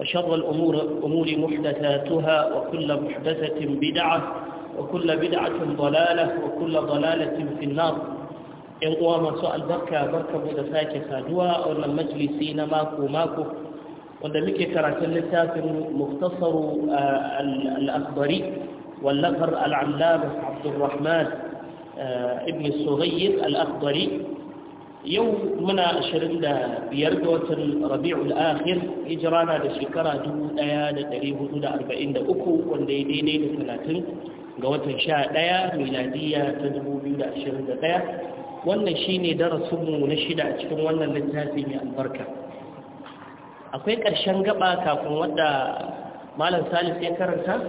وشر الأمور أمور محدثاتها وكل محدثة بدعة وكل بدعة ضلالة وكل ضلالة في النار إن قوى ما سؤال بركة بركة مدفاك سادوا أولا مجلسين ماكو ماكو وندمك كراتل لتاف مختصر آه، الأخضري واللغر العلامة عبد الرحمن آه، ابن الصغير الأخضري yau muna ashirin da biyar da watan rabi'ul akhir hijira na da shekara dubu da da da arba'in uku, wanda ya daidai da talatin ga watan sha 11 miladiya ta dubu biyu da da ashirin 2021 wannan shine darasinmu na shida a cikin wannan littafi mai albarka akwai ƙarshen gaba kafin wadda malam salis ya karanta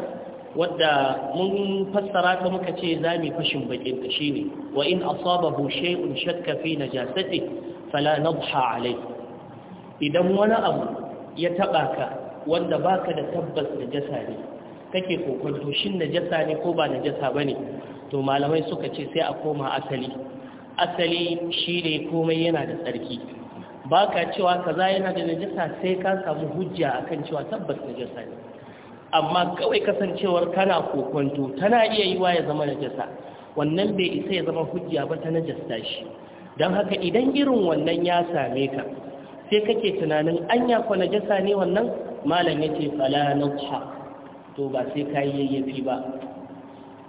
wadda mun fassara ta muka ce za mu fashin bakin ta shine wa in asabahu shay'un shakka fi najasati fala nadha alai idan wani abu ya taba ka wanda baka da tabbas da jasa ne kake kokonto shin najasa ne ko ba najasa bane to malamai suka ce sai a koma asali asali shine komai yana da tsarki baka cewa kaza yana da najasa sai ka samu hujja akan cewa tabbas najasa ne amma kawai kasancewar kana kokonto tana iya yi wa ya zama najasa wannan bai isa ya zama hujja ba ta najasta shi don haka idan irin wannan ya same ka sai kake tunanin an ya kwa najasa ne wannan malam ya ce fala nutha to ba sai ka yi yayyafi ba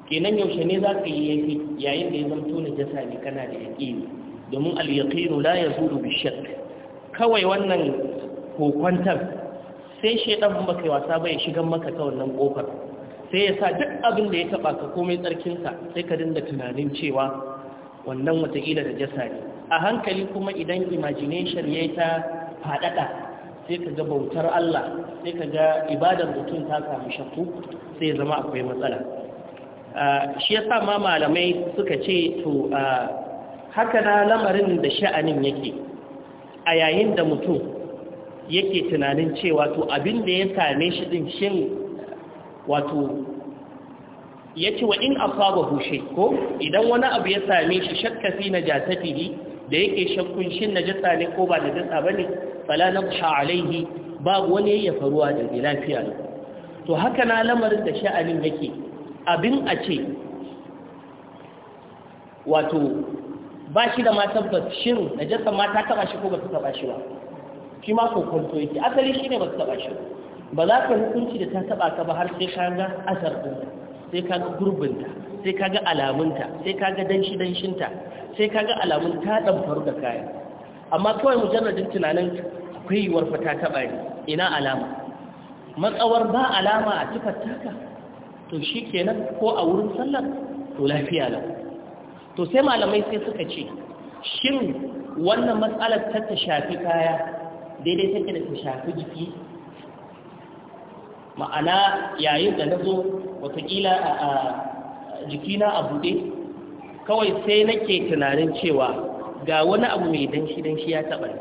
kenan yaushe ne za ka yi yayyafi yayin da ya zamto najasa ne kana da yaƙini domin al la yazulu bi kawai wannan kokwantar sai shaidan in kai wasa ba ya shiga maka ta wannan kofar sai ya sa duk abin da ya taba ka komai tsarkinsa sai ka dinga tunanin cewa wannan watakila da jasa ne a hankali kuma idan imagination ya yi ta faɗaɗa sai ka ga bautar Allah sai ka ga ibadar mutum ta samu shakku sai zama akwai matsala shi ya sa ma malamai suka ce to haka na lamarin da sha'anin yake a yayin da mutum yake tunanin cewa to abin da ya same shi din shin wato ya ce wa in afaba hushe ko idan wani abu ya same shi shakka fi na jasatihi da yake shakkun shin na jasa ne ko ba na jasa ba ne fala na alaihi ba wani ya faruwa da ke lafiya ne to haka na lamarin da sha'anin yake abin a ce wato ba shi da ma tabbas shin na jasa ma ta taba shi ko ba ta taba shi ba shi ma kokonto yake asali shi ne ba su taɓa shi ba za ka hukunci da ta taɓa ka ba har sai ka ga asar ɗinta sai ka ga gurbinta sai ka ga alamunta sai ka ga danshi-danshinta sai ka ga alamun ta faru da kaya amma kawai mujalladin tunanin akwai yiwuwar fa ta taɓa ne ina alama matsawar ba alama a tufar taka to shi kenan ko a wurin sallar to lafiya lau to sai malamai sai suka ce shin wannan matsalar ta ta shafi kaya daidai take da ta shafi jiki ma'ana yayin da na zo watakila a jikina a buɗe kawai sai nake tunanin cewa ga wani abu mai danshi danshi ya taɓa ne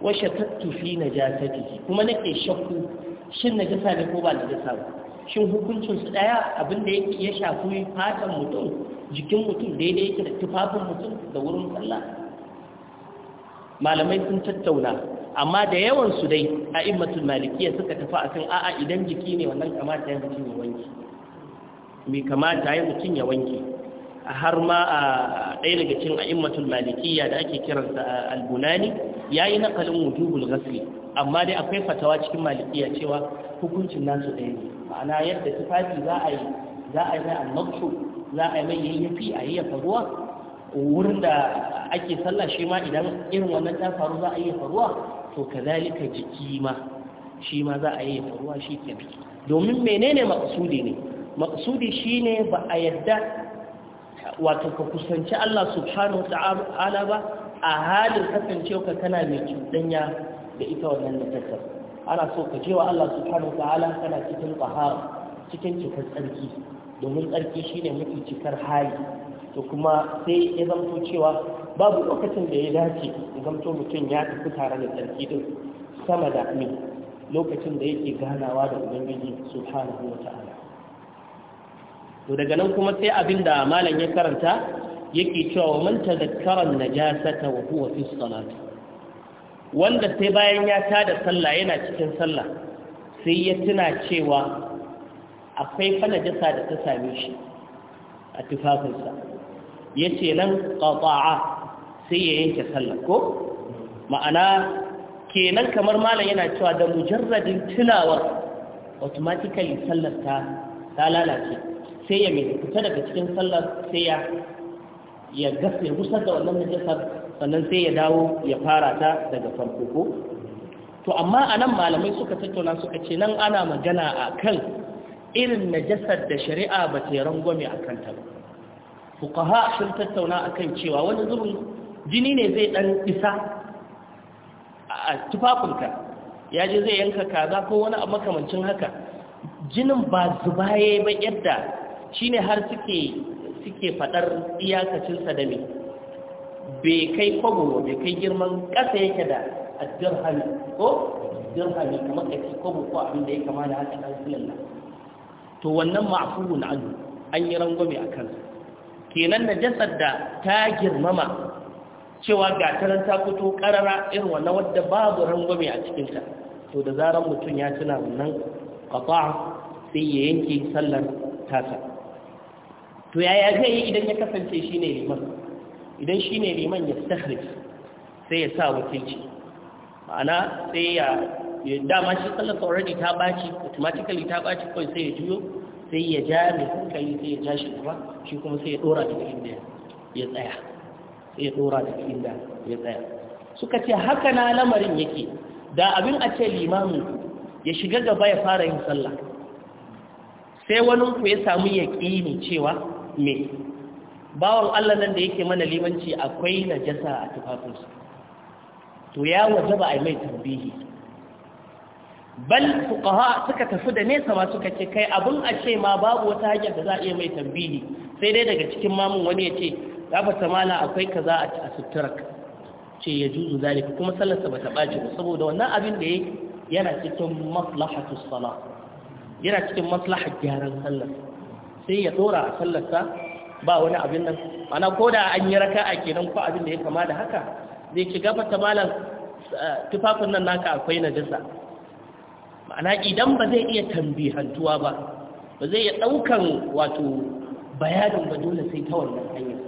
washe tattufi na ja ta jiki kuma nake shakku shin na jasa ne ko ba na jasa ba shin hukuncin su ɗaya abinda ya shafi fatan mutum jikin mutum daidai yake da tufafin mutum da wurin sallah malamai sun tattauna amma da yawan su dai a immatul malikiya suka tafi akan a'a idan jiki ne wannan kamata ya mutum ya wanke me kamata ya mutum ya wanke har ma a ɗaya daga cikin immatul malikiya da ake kiransa al-bunani yayi nakalin wujubul ghasli amma dai akwai fatawa cikin malikiya cewa hukuncin nasu ɗaya ne ma'ana yadda tufafi za a yi za a yi mai annabtu za a yi mai yayyafi a ya faruwa wurin da ake sallah shi ma idan irin wannan ta faru za a iya faruwa to kazalika jiki ma shi ma za a iya faruwa shi ke bi domin menene maksudi ne maksudi shine ba a yadda wato ka kusanci Allah subhanahu ta'ala ba a halin kasancewa kana mai cuɗanya da ita wannan da tattar ana so ka jewa Allah subhanahu ta'ala kana cikin bahar cikin cikar tsarki domin tsarki shine mafi cikar hali to kuma sai ya zamto cewa babu lokacin da ya dace zamto mutum ya tafi tare da sarki din sama da ni lokacin da yake ganawa da ubangiji subhanahu wa ta'ala to daga nan kuma sai abin da malam ya karanta yake cewa wa man tadakkara najasata wa huwa fi salati wanda sai bayan ya tada sallah yana cikin sallah sai ya tuna cewa akwai fa najasa da ta same shi a tufafinsa ya ce nan ƙaƙa'a sai ya yanke sallar ko ma'ana kenan kamar malam yana cewa da mujarradin tunawar automatically sallar ta ta lalace sai ya mai fita daga cikin sallar sai ya ya gasa gusar da wannan najasar sannan sai ya dawo ya fara ta daga farko ko to amma a nan malamai suka tattauna suka ce nan ana magana a kan irin najasar da shari'a ba ta yi rangwame a kanta ba fukaha sun tattauna akan cewa wani zurin jini ne zai dan isa a tufafinka ya je zai yanka kaza ko wani abu makamancin haka jinin ba zubaye ba yadda shi ne har suke suke fadar iyakacin da me bai kai kwabo bai kai girman kasa yake da addirhami ko dirhami kamar ke kwabo ko abin da ya kama da haka ɗan sunan to wannan ma'fuun an yi rangwame a kansa kenan jasar da ta girmama cewa gataran ta fito karara irin na wadda babu rangwame a cikinta to da zarar mutum ya tuna wannan kwakwa sai ya yanke sallar tasa to yaya zai yi idan ya kasance shi ne liman idan shi ne liman ya stahrif sai ya sa wakilci ma'ana sai ya dama shi sallar already ta baci automatically ta baci kawai sai ya juyo sai ya ja mai hankali sai ya ja shi gaba shi kuma sai ya dora daga inda ya tsaya sai ya dora daga inda ya tsaya suka ce haka na lamarin yake da abin a ce limamin ya shiga gaba ya fara yin sallah sai wani ku ya samu yaqini cewa me bawan Allah nan da yake mana limanci akwai najasa a tufafinsa to ya wajaba a mai tambayi. bal fuqaha suka tafi da nesa ma suka ce kai abun a ce ma babu wata hanyar da za a iya mai tambihi sai dai daga cikin mamun wani ya ce ta samala akwai kaza a a suturak ce ya juzu zalika kuma sallarsa ba ta baci ba saboda wannan abin da yake yana cikin maslahatu salat yana cikin maslahar gyaran sallar sai ya dora a sallarsa ba wani abin nan ana koda an yi raka'a kenan ko abin da ya kama da haka zai ci ta malam eh, tufafin nan naka akwai najasa ma'ana idan ba zai iya tambihantuwa ba ba zai iya ɗaukan wato bayanin ba dole sai ta wannan hanyar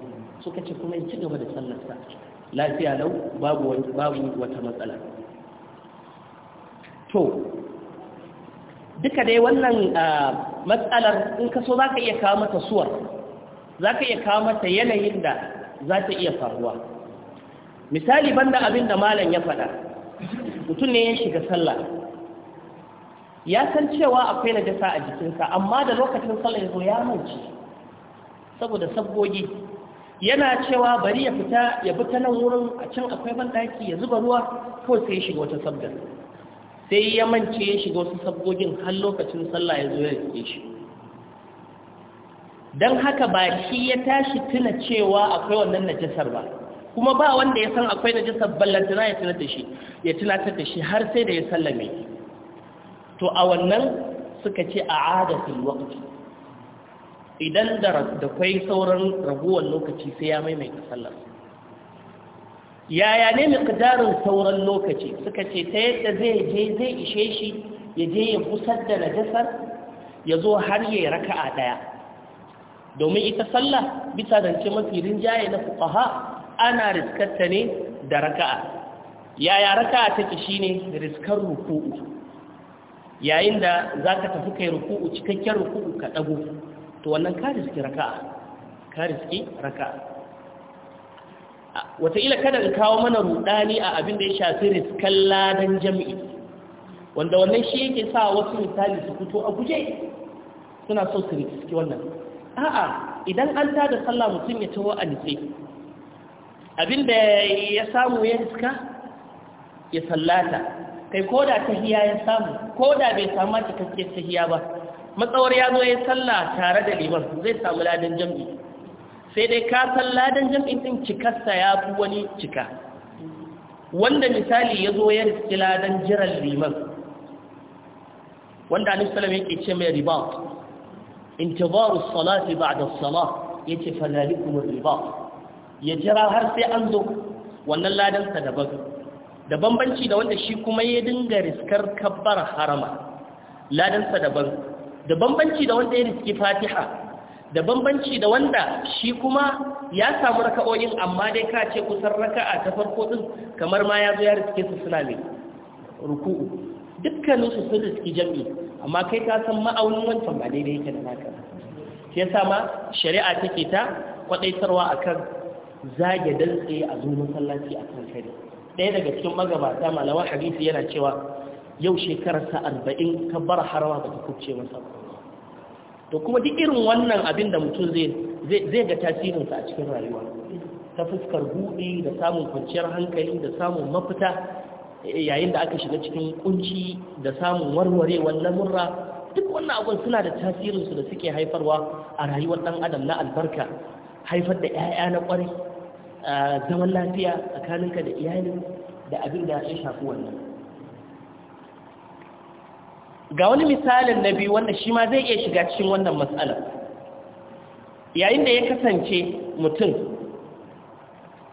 suka ce kuma ci gaba da sallarsa lafiya lau babu wata matsala to duka dai wannan matsalar in kaso za ka iya kawo mata suwar za ka iya kawo mata yanayin da za ta iya faruwa misali banda abin da malam ya faɗa mutum ne ya shiga sallah ya san cewa akwai na jasa a jikinsa amma da lokacin sallah ya zo ya mance saboda sabbogi yana cewa bari ya fita ya bi ta nan wurin a can akwai banɗaki ya zuba ruwa ko sai ya shiga wata sabgar sai ya mance ya shiga wasu sabgogin har lokacin sallah ya zo ya rike shi don haka ba shi ya tashi tuna cewa akwai wannan najasar ba kuma ba wanda ya san akwai najasar ballantana ya tunata da shi shi har sai da ya sallame to a wannan suka ce a adatul waqti idan da kwai sauran raguwan lokaci sai ya maimaita sallar yaya ne miqdarin sauran lokaci suka ce ta yadda zai je zai ishe shi ya je ya kusar da najasar ya zo har yayi raka'a daya domin ita sallah bisa zance mafi rinjaye na fukaha ana riskarta ne da raka'a yaya raka'a ta take shine riskar ruku'u yayin da za ka tafi kai ruku'u cikakken ruku'u ka ɗago to wannan ka riski raka'a ka riski raka'a wataƙila kada ka kawo mana rudani a abin da ya shafi riskan ladan jami'i wanda wannan shi yake sa wasu misali su fito a guje suna so su riski wannan a'a idan an ta da sallah mutum ya tawo a nitse abin da ya samu ya riska ya sallata kai ko da tahiya ya samu ko da bai samu cikakken tahiya ba matsawar ya zo ya sallah tare da liman zai samu ladan jam'i sai dai ka san ladan jam'i din cikarsa ya fi wani cika wanda misali ya zo ya riski ladan jiran liman wanda annabi sallallahu ya ke ce mai ribat intibaru salati ba'da salah yace falalikum ribat ya jira har sai an zo wannan ladan sa daban da bambanci da wanda shi kuma ya dinga riskar kabbar harama ladansa daban da bambanci da wanda ya riski fatiha da bambanci da wanda shi kuma ya samu raka'o'in amma dai ka ce kusan raka'a ta farko din kamar ma ya zo ya riske su suna ne ruku'u dukkaninsu sun riski jam'i amma kai ka san ma'aunin wancan ba daidai yake da naka shi yasa ma shari'a take ta kwadaitarwa akan zage dantse a zuwa masallaci akan kare ɗaya daga cikin magabata malaman hadisi yana cewa yau shekararsa arba'in ka bar harawa ba ta kubce masa to kuma duk irin wannan abin da mutum zai ga tasirinsa a cikin rayuwa ta fuskar buɗe da samun kwanciyar hankali da samun mafita yayin da aka shiga cikin kunci da samun wannan murra, duk wannan abin suna da tasirinsu da suke haifarwa a rayuwar ɗan adam na albarka haifar da 'ya'ya na ƙwarai zaman lafiya tsakaninka da iyali da abin da ya shafi wannan ga wani misalin na biyu wanda shi ma zai iya shiga cikin wannan matsalar yayin da ya kasance mutum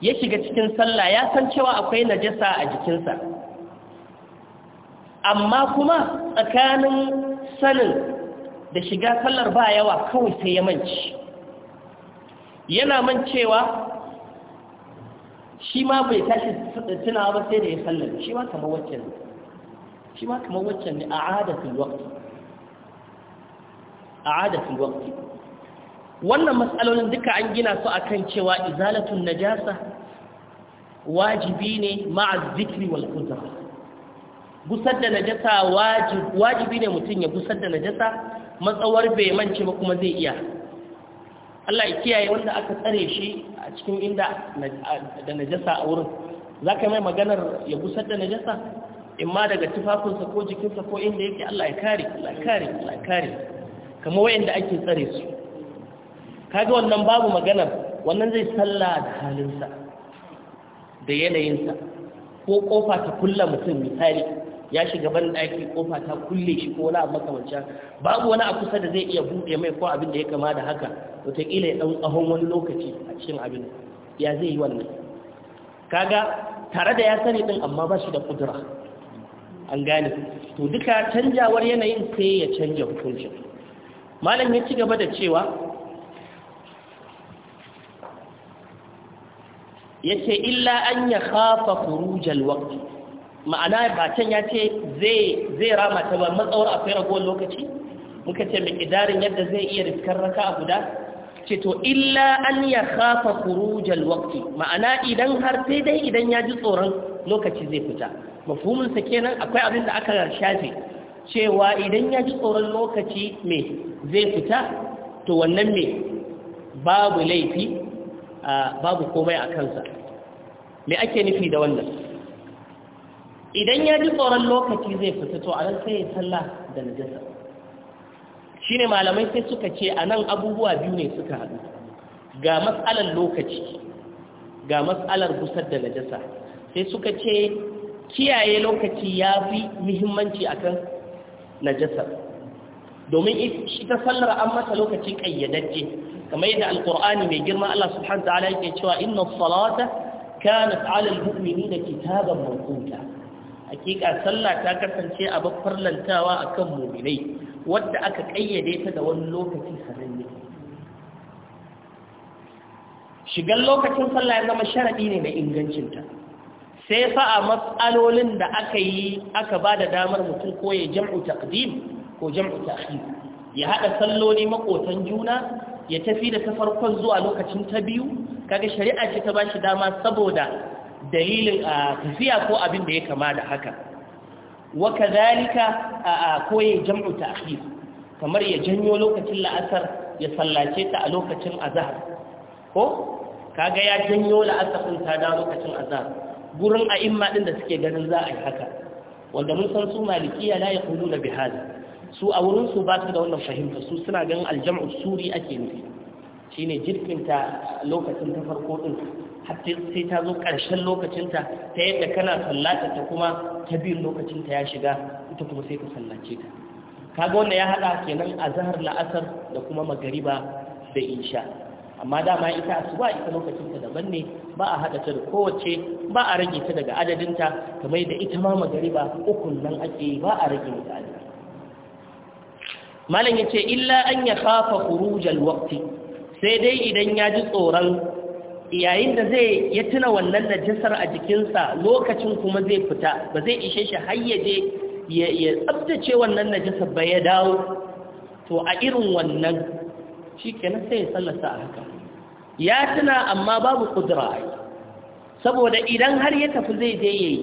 ya shiga cikin sallah ya san cewa akwai najasa a jikinsa amma kuma tsakanin sanin da shiga sallar ba yawa kawai sai ya manci yana mancewa shi ma bai tashi tunawa ba sai da ya sallar shi ma kamar waccan ne shi ma kamar waccan ne a adatul waqti a adatul waqti wannan matsalolin duka an gina su akan cewa izalatun najasa wajibi ne ma'a zikri wal qudra gusar da najasa wajibi ne mutum ya gusar da najasa matsawar bai mance ba kuma zai iya Allah ya kiyaye wanda aka tsare shi a cikin inda da najasa a wurin za ka mai maganar ya busar da najasa ma daga tufafinsa ko jikinsa ko inda yake Allah ya kare Allah ya kare Allah ya kare kamar wanda ake tsare su kaga wannan babu maganar wannan zai salla da halinsa da yanayinsa ko kofa ta kulla mutum misali ya shiga ban daki kofa ta kulle shi ko wani abu makamancin babu wani a kusa da zai iya buɗe mai ko abin da ya kama da haka wataƙila ya ɗan tsahon wani lokaci a cikin abin ya zai yi wannan kaga tare da ya sani ɗin amma ba shi da ƙudura an gane to duka canjawar yanayin sai ya canja hukuncin malam ya ci gaba da cewa yace illa an ya khafa khurujal waqti ma'ana ba can ya ce zai rama ta ba matsawar akwai ragowar lokaci muka ce mai idarin yadda zai iya riskar raka a guda ce to illa an ya kafa kurujal wakti ma'ana idan har sai dai idan ya ji tsoron lokaci zai fita mafuminsa kenan akwai abin da aka shafe cewa idan ya ji tsoron lokaci mai zai fita to wannan mai babu laifi babu komai a kansa me ake nufi da wannan idan ya ji tsoron lokaci zai fita to a nan sai ya sallah da najasa shi ne malamai sai suka ce a nan abubuwa biyu ne suka haɗu ga matsalar lokaci ga matsalar gusar da najasa sai suka ce kiyaye lokaci ya fi muhimmanci akan najasa domin ita sallar an mata lokaci ƙayyadajje kamar yadda alƙur'ani mai girma Allah subhanahu wa ta'ala yake cewa inna salata kanat 'ala al-mu'minina kitaban mawquta hakika sallah ta kasance a farlantawa akan mu'minai wadda aka kayyade ta da wani lokaci sananne shigan lokacin sallah ya zama sharadi ne na ingancinta sai fa a matsalolin da aka yi aka ba da damar mutum ko ya jam'u taqdim ko jam'u ta'khir ya haɗa salloli makotan juna ya tafi da ta farkon zuwa lokacin ta biyu kaga shari'a ce ta bashi dama saboda dalilin a tafiya ko abin da ya kama da haka wa kadhalika a koyi ya jam'u ta'khir kamar ya janyo lokacin la'asar ya sallace ta a lokacin azhar ko kaga ya janyo la'asar din ta da lokacin azhar gurin a'imma din da suke ganin za a yi haka wanda mun san su malikiya la yaquluna bi hada su a wurinsu su ba su da wannan fahimta su suna ganin aljam'u suri ake nufi shine jirkinta lokacin ta farko din hatta sai ta zo ƙarshen lokacinta ta yadda kana sallata ta kuma ta biyun lokacinta ya shiga ita kuma sai ka sallace ta kaga wanda ya haɗa kenan a zahar la'asar da kuma magariba da insha amma dama ita asuba ita lokacinta daban ne ba a haɗa ta da kowace ba a rage ta daga adadinta kamar da ita ma magariba ukun nan ake ba a rage mata adadi malam yace illa an ya fafa khurujal waqti sai dai idan ya ji tsoron yayin da zai ya tuna wannan najasar a jikinsa lokacin kuma zai fita ba zai ishe shi hayyade ya tsabtace wannan najasar ba ya dawo to a irin wannan shi kenan sai ya sallasa a haka ya tuna amma babu kudura saboda idan har ya tafi zai je yayi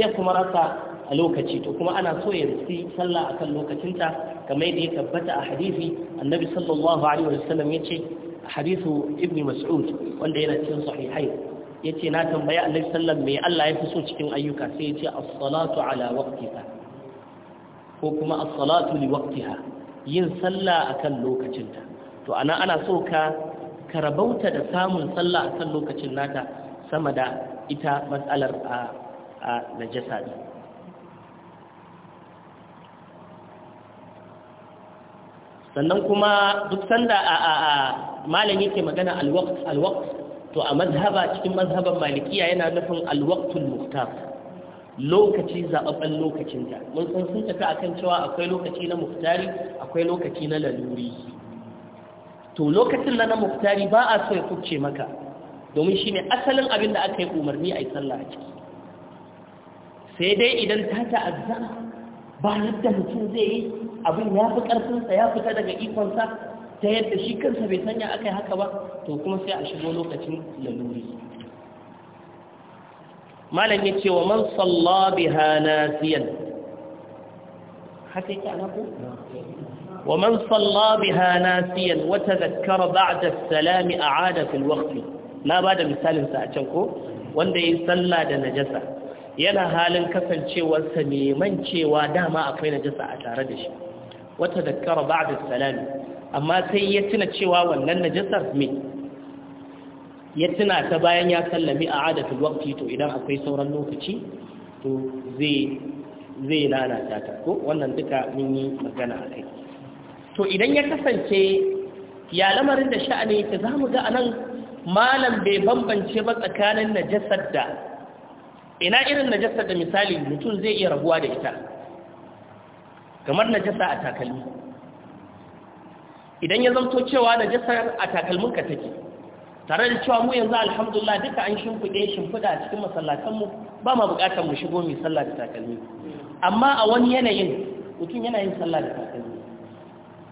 zai kuma rasa a lokaci to kuma ana so ya risi sallah akan lokacinta kamar yadda ya tabbata a hadisi annabi sallallahu alaihi wasallam yace hadithu ibn mas'ud wanda yana cikin sahihai yace na tambaya annabi sallallahu me Allah ya fi so cikin ayyuka sai yace as-salatu ala waqtiha ko kuma as-salatu li waqtiha yin sallah akan lokacinta to ana ana so ka karabauta da samun sallah akan lokacin nata sama da ita matsalar a najasa din sannan kuma duk sanda a a a malami yake magana alwaqt alwaqt to a mazhaba cikin mazhaban malikiya yana nufin alwaqtul muqtaf lokaci zababban lokacin da mun san sun tafi akan cewa akwai lokaci na muhtari akwai lokaci na laluri to lokacin na muhtari ba a so ya kuce maka domin shine asalin abin da aka yi umarni a yi sallah a ciki sai dai idan ta ta'azza ba yadda mutum zai yi abin ya fi ƙarfinsa ya fita daga ikonsa ta yadda shi kansa bai sanya aka yi haka ba to kuma sai a shigo lokacin laluri malam ya ce wa man sallabi hana siyan haka yake ana ko wa man salla biha nasiyan a'ada fil na bada da misalinsa a can ko wanda yi salla da najasa yana halin kasancewarsa mai mancewa dama akwai najasa a tare da shi wata ba da salami amma sai ya tuna cewa wannan najasar me ya tuna ta bayan ya sallami a adatul wakti to idan akwai sauran lokaci to zai lalata ta ko wannan duka mun yi magana a kai. to idan ya kasance ya lamarin da sha'ani za mu ga anan malam bai bambance ba tsakanin najasar da ina irin najasar da misali mutum zai iya rabuwa da ita kamar na jasa a takalmi idan ya zamto cewa jasa a takalminka take tare da cewa mu yanzu alhamdulillah duka an shimfiɗe shimfiɗa a cikin masallatanmu ba ma buƙatar mu shigo mu sallah da takalmi amma a wani yanayin mutum yana yin sallah da takalmi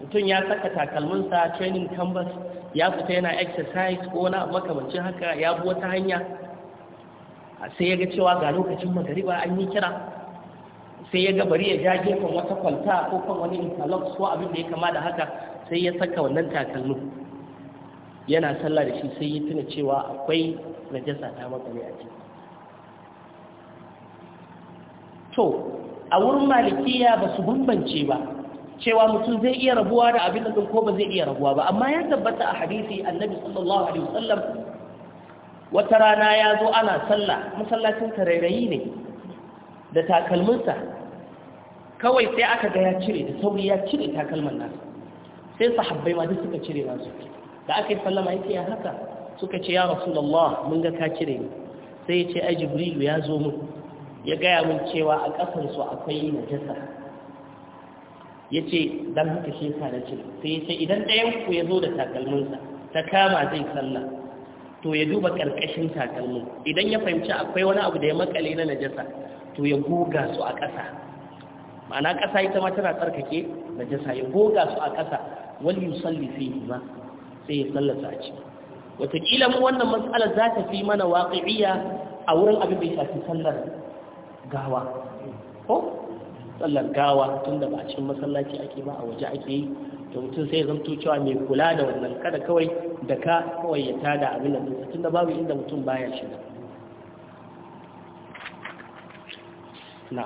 mutum ya saka takalminsa training canvas ya fita yana exercise ko wani makamancin haka ya bi wata hanya sai ya ga cewa ga lokacin magariba an yi kira sai ya gabari ya ja gefen wata kwalta ko kan wani interlock ko abin da ya kama da haka sai ya saka wannan takalmin yana sallah da shi sai ya tuna cewa akwai najasa ta makale a ciki to a wurin malikiya ba su bambance ba cewa mutum zai iya rabuwa da abin da ko ba zai iya rabuwa ba amma ya tabbata a hadisi annabi sallallahu alaihi wasallam wata rana ya zo ana sallah masallacin tarairayi ne da takalminsa kawai sai aka ga ya cire da sauri ya cire takalman nasa sai sahabbai ma duk suka cire nasu da aka yi sallama yake ya haka suka ce ya rasulullah mun ga ka cire ni sai ya ce ai jibrilu ya zo mu ya gaya mun cewa a ƙasar su akwai najasa ya ce don haka shi yasa na cire sai ya ce idan ɗayan ku ya zo da takalminsa ta kama zai sallah to ya duba ƙarƙashin takalmin idan ya fahimci akwai wani abu da ya makale na najasa to ya goga su a ƙasa ma'ana ƙasa ita ma tana tsarkake jasa ya goga su a ƙasa wal yusalli fihi ma sai ya tsallasa a ciki wataƙila mu wannan matsalar za ta fi mana waƙi'iyya a wurin abin da ya shafi sallar gawa ko sallar gawa tun da ba a cikin masallaci ake ba a waje ake yi to mutum sai zanto cewa mai kula da wannan kada kawai da ka kawai ya tada abin da da babu inda mutum baya shiga na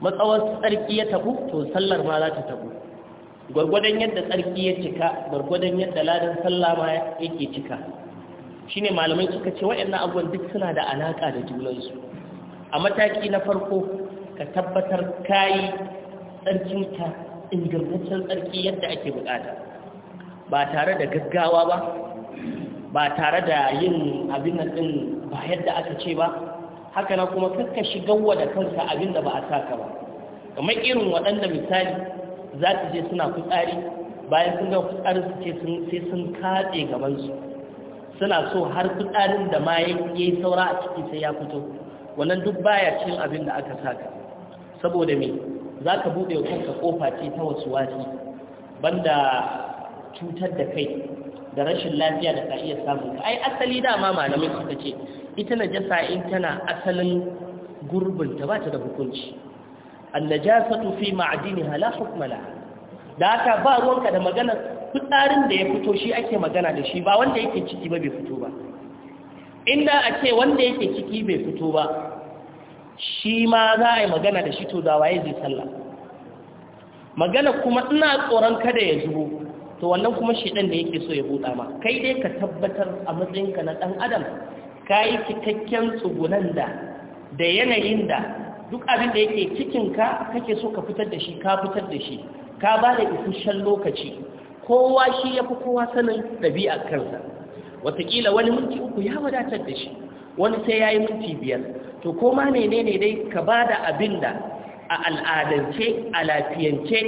matsawar tsarki ya tabu to sallar ma za ta tabu gwargwadon yadda tsarki ya cika gwargwadon yadda ladan sallah ma yake cika shine malamai suka ce waɗannan abubuwan duk suna da alaƙa da junansu a mataki na farko ka tabbatar kayi tsarkinka ingantaccen tsarki yadda ake bukata ba tare da gaggawa ba ba tare da yin abin nan din ba yadda aka ce ba haka na kuma kakka wa da kanka abin da ba a saka ba kamar irin waɗanda misali za su je suna fitsari bayan sun gan fitsarin su ce sai sun katse gabansu suna so har fitsarin da ma ya yi saura a ciki sai ya fito wannan duk baya cin abin da aka saka saboda me za ka buɗe wa kanka ƙofa ce ta wasu wasi banda cutar da kai da rashin lafiya da ka iya samun ka ai asali dama malamai suka ce ita najasa in tana asalin gurbinta ba ta da hukunci annajasatu fi ma'adiniha la hukma laha da haka ba ruwanka da magana fitsarin da ya fito shi ake magana da shi ba wanda yake ciki ba bai fito ba inda a ce wanda yake ciki bai fito ba shi ma za a yi magana da shi to da waye zai sallah magana kuma ina tsoron kada ya zubo to wannan kuma shi ɗan da yake so ya buɗa ma kai dai ka tabbatar a matsayinka na ɗan adam ka yi cikakken tsugunan da da yanayin da duk abin da yake cikinka kake so ka fitar da shi ka fitar da shi ka ba da isasshen lokaci kowa shi ya fi kowa sanin ɗabi'a kansa watakila wani minti uku ya wadatar da shi wani sai ya yi minti biyar to koma ne ne dai ka ba da abin da a al'adance a lafiyance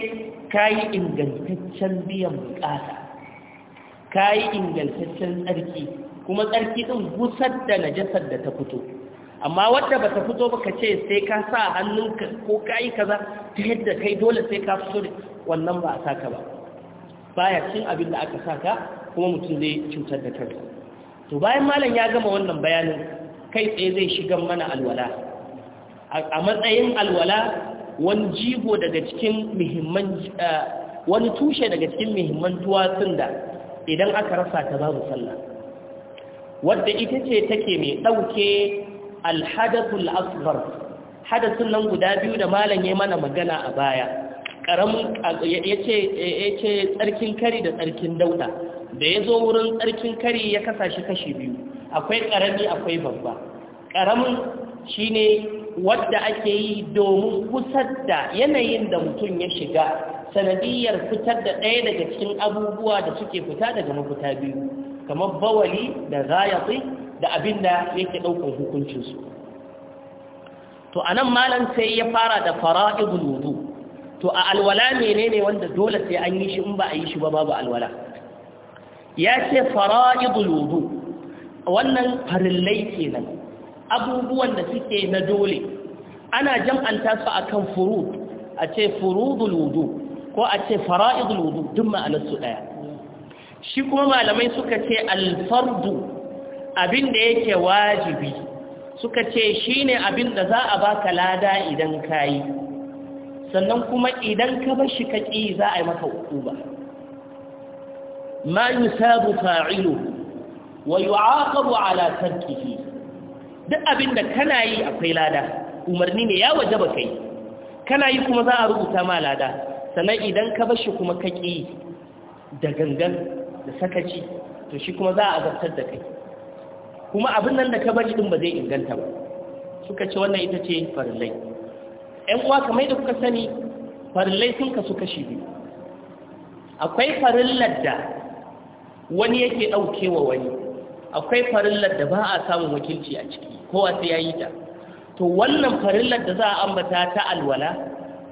ka yi ingantaccen biyan bukata ka yi ingantaccen tsarki kuma tsarki ɗin busar da najasar da ta fito amma wadda ba ta fito ba ka ce sai ka sa hannunka ko ka yi kaza ta yadda kai dole sai ka fito wannan ba a saka ba baya cin abin da aka saka kuma mutum zai cutar da kansa to bayan malam ya gama wannan bayanin kai tsaye zai shiga mana alwala a matsayin alwala wani jigo daga cikin muhimman eh, wani tushe daga cikin muhimman duwatsun da idan aka rasa ta babu sallah wadda ita ce take mai ɗauke alhadathul asghar hadathun nan guda biyu da malam ya mana magana a baya ya yace tsarkin kari da tsarkin dauda da ya zo wurin tsarkin kari ya kasa shi kashi biyu akwai ƙarami, akwai babba karamin shine wadda ake yi domin kusar da yanayin da mutum ya shiga sanadiyar fitar da ɗaya daga cikin abubuwa da suke fita daga mafita biyu kamar bawali da zayatsi da abin da yake ɗaukar hukuncinsu to a nan malam sai ya fara da fara'ibul wudu to a alwala menene wanda dole sai an yi shi in ba a yi shi ba babu alwala ya ce fara'ibul wudu wannan farillai kenan abubuwan da suke na dole ana jam'anta su akan furud a ce furudul wudu ko a ce fara'idul wudu duk ma'anar su shi kuma malamai suka ce alfardu abin da yake wajibi suka ce shine abin da za a baka lada idan kayi sannan kuma idan ka bar shi kaki za a yi maka ƙuba ma sabu fa'iluhu wa yu'aqabu ala sarki. duk abin da kana yi akwai lada umarni ne ya waje ba kai kana yi kuma za a rubuta ma lada sannan idan ka bashi kuma ka ƙi da gangan da sakaci to shi kuma za a azabtar da kai kuma abin nan da ka bari din ba zai inganta ba suka ce wannan ita ce farillai ƴan uwa kamar da kuka sani farillai sun kasu kashi biyu akwai farillar da wani yake wa wani akwai farillar da ba a samun wakilci a ciki kowa sai ya yi ta to wannan farillar da za a ambata ta alwala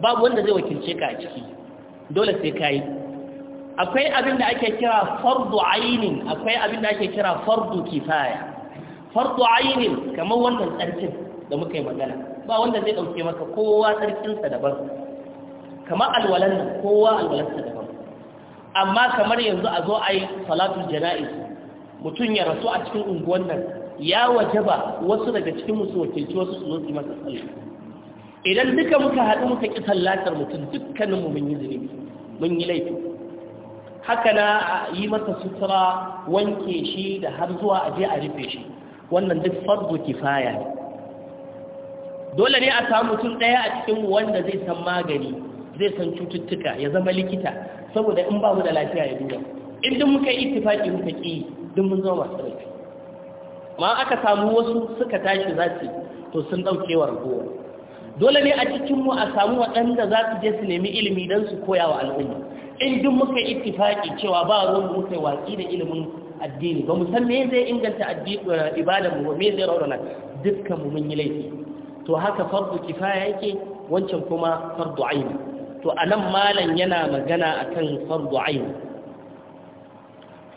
babu wanda zai wakilce ka a ciki dole sai ka yi akwai abin da ake kira fardu ainin akwai abin da ake kira fardu kifaya fardu ainin kamar wannan tsarkin da muka yi magana ba wanda zai ɗauke maka kowa tsarkinsa daban kamar alwalan nan kowa alwalarsa daban amma kamar yanzu a zo a yi salatul jana'iz mutum ya rasu a cikin unguwan nan ya wajaba wasu daga cikin musu wakilci wasu su zo su masa tsalle. idan duka muka haɗu muka ƙi tallatar mutum dukkaninmu mun yi zunubi mun yi laifi haka na yi masa sutura wanke shi da har zuwa a je a rufe shi wannan duk farko kifaya ne dole ne a samu mutum ɗaya a cikin wanda zai san magani zai san cututtuka ya zama likita saboda in ba mu da lafiya ya duba in duk muka yi ittifaki muka ƙi duk mun zama masu laifi ma aka samu wasu suka tashi za su to sun wa ragowa dole ne a cikinmu a samu waɗanda za su je su nemi ilimi don su koya wa al'umma in duk muka yi ittifaki cewa ba ruwan muka kai watsi da ilimin addini ba mu san me zai inganta eh, ibadar mu me zai raunana dukkan mu mun yi laifi to haka fardu kifaya yake wancan kuma fardu aini to anan malam yana magana akan fardu aini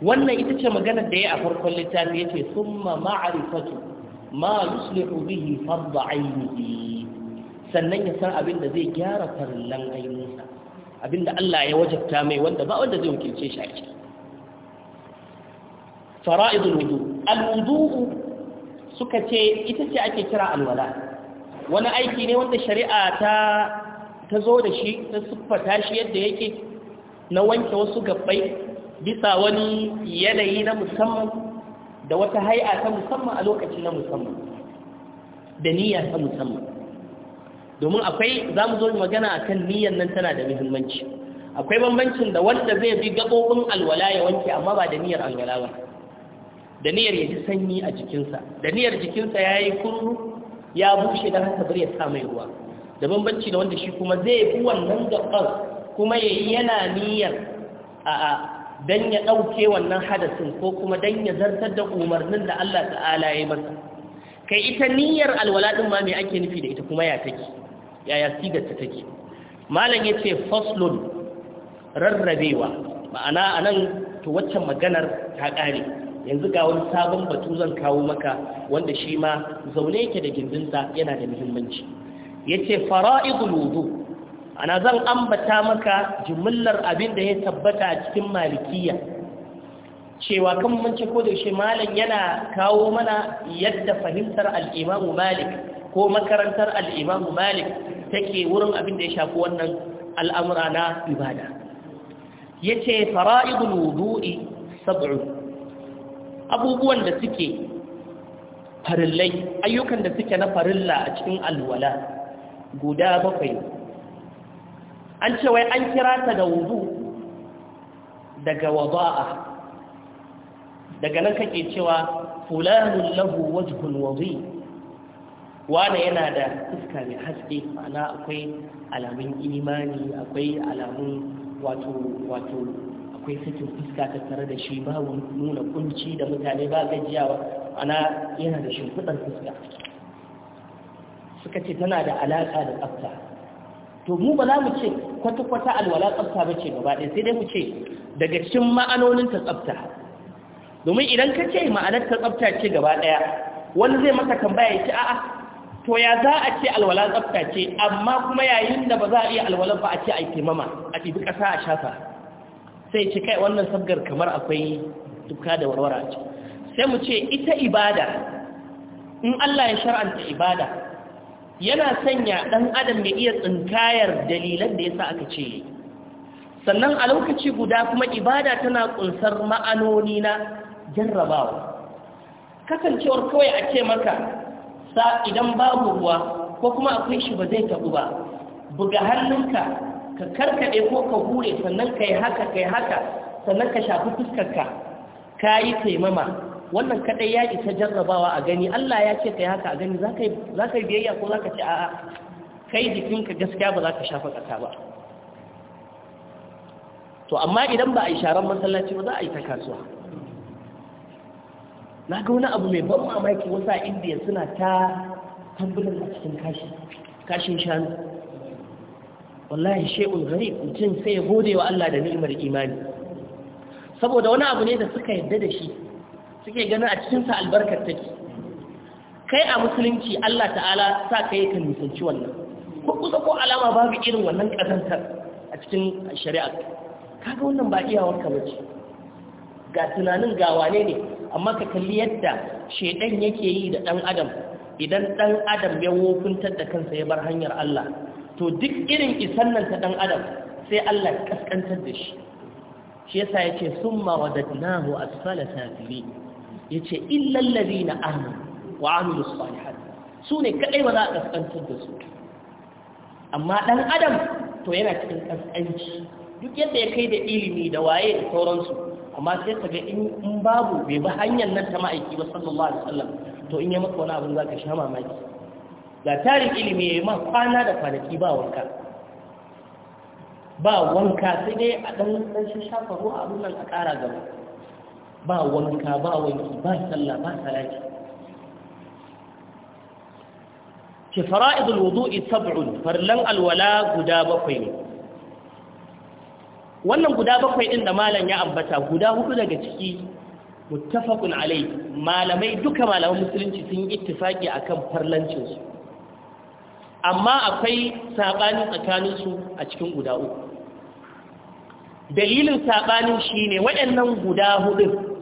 wannan ita ce maganar da ya a farkon littafi ya ce summa ma'arifatu ma yuslihu bihi farda ainihi sannan ya san abin da zai gyara farillan ainihinsa abin da Allah ya wajabta mai wanda ba wanda zai wakilce shi a ciki fara'idul wudu al-wudu suka ce ita ce ake kira alwala wani aiki ne wanda shari'a ta ta zo da shi ta siffata shi yadda yake na wanke wasu gabbai bisa wani yanayi na musamman da wata hai'a ta musamman a lokaci na musamman da niyya ta musamman domin akwai za mu zo magana a kan niyyar nan tana da muhimmanci akwai bambancin da wanda zai bi gaɓoɓin alwala ya wanke amma ba da niyyar alwala ba da niyyar ya ji sanyi a jikinsa da niyyar jikinsa ya yi kuru ya bushe don haka bari ya sa mai ruwa da bambanci da wanda shi kuma zai bi wannan gaɓar kuma ya yi yana niyyar a don ya ɗauke wannan hadasin ko kuma don ya zartar da umarnin da Allah ta'ala ya masa kai ita niyyar alwala ɗin ma mai ake nufi da ita kuma ya take yaya sigarta ta take malam ya ce foslon rarrabewa ma'ana a nan to waccan maganar ta ƙare yanzu ga wani sabon batu zan kawo maka wanda shi ma zaune yake da gindinsa yana da muhimmanci ya ce fara'idul wudu ana zan ambata maka jimillar abin da ya tabbata a cikin malikiya cewa kan mun ko da shi malam yana kawo mana yadda fahimtar al-Imam Malik ko makarantar al-Imam Malik take wurin abin da ya shafi wannan al'amura na ibada yace fara'idul wudu'i sab'u abubuwan da suke farillai ayyukan da suke na farilla a cikin alwala guda bakwai an ce wai an kira ta da wudu daga waba'a daga nan kake cewa fulanun lahu wajhun wadi wane yana da iska mai haske ma'ana akwai alamun imani akwai alamun wato wato akwai sakin fuska tare da shi ba nuna kunci da mutane ba gajiyawa ana yana da shimfiɗar fuska suka ce tana da alaƙa da tsafta to mu ba za mu ce kwata-kwata alwala tsafta ba ce gaba ɗaya sai dai mu ce daga cin ma'anonin ta tsafta domin idan ka ce ma'anar ta tsafta ce gaba ɗaya wani zai maka tambaya ya ce a'a to ya za a ce alwala tsafta ce amma kuma yayin da ba za a iya alwala ba a ce a yi taimama a ɗibi ƙasa a shafa sai ce kai wannan sabgar kamar akwai duka da warwara ce sai mu ce ita ibada in Allah ya shar'anta ibada yana sanya ɗan adam ya iya tsinkayar dalilan da ya sa aka ce sannan a lokaci guda kuma ibada tana ƙunsar ma'anoni na jarrabawa kasancewar kawai a ce maka sa idan babu ruwa ko kuma akwai shi ba zai taɓu ba buga hannunka ka karkaɗe ko ka hure sannan ka yi haka ka yi haka sannan ka shafi fuskarka ka yi taimama wannan kadai ya isa jarrabawa a gani Allah ya ce kai haka a gani za ka yi biyayya ko za ka ce a kai jikinka gaskiya ba za ka shafa ƙasa ba to amma idan ba a yi sharan masallaci ba za a yi ta kasuwa na ga wani abu mai ban mamaki wasu a indiya suna ta tambulan a cikin kashin shanu wallahi shehu gari mutum sai ya gode wa Allah da ni'imar imani saboda wani abu ne da suka yadda da shi suke ganin a cikinsa albarkar take kai a musulunci Allah ta'ala sa ka yi ka nisanci wannan ko kusa ko alama babu irin wannan ƙazantar a cikin shari'a kaga wannan ba iyawarka ba ce ga tunanin ga wane ne amma ka kalli yadda shaidan yake yi da ɗan adam idan ɗan adam ya wofuntar da kansa ya bar hanyar Allah to duk irin isan nan ta ɗan adam sai Allah ya kaskantar da shi shi yasa yace summa wadadnahu asfala yace illal ladina amanu wa amilus salihat su ne kadai ba za a kaskantar da su amma dan adam to yana cikin kaskanci duk yadda ya kai da ilimi da waye da sauransu amma sai ka ga in babu bai bi hanyar nan ta ma'aiki ba sallallahu alaihi wasallam to in ya maka wani abin zaka sha mamaki ga tarin ilimi ya yi ma kwana da kwanaki ba wanka ba wanka sai dai a ɗan shi shafa ruwa abin nan a ƙara gaba ba wanka ba wanki ba sallah ba salati ki fara'id alwudu'i sab'un farlan alwala guda bakwai ne wannan guda bakwai din da malam ya ambata guda hudu daga ciki muttafaqun alai malamai duka malaman musulunci sun yi ittifaki akan farlancin su amma akwai sabani tsakanin su a cikin guda uku dalilin sabanin shine waɗannan guda hudu